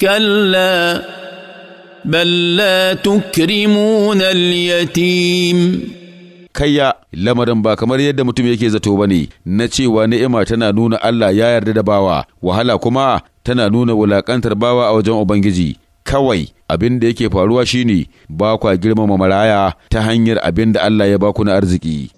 كلا بل لا تكرمون اليتيم kayya lamarin ba kamar yadda mutum yake zato bane na cewa ni'ima tana nuna Allah ya yarda da bawa wahala kuma tana nuna wulakantar bawa a wajen ubangiji kawai abin da yake faruwa shine ba kwa girmama maraya ta hanyar abin da Allah ya baku na arziki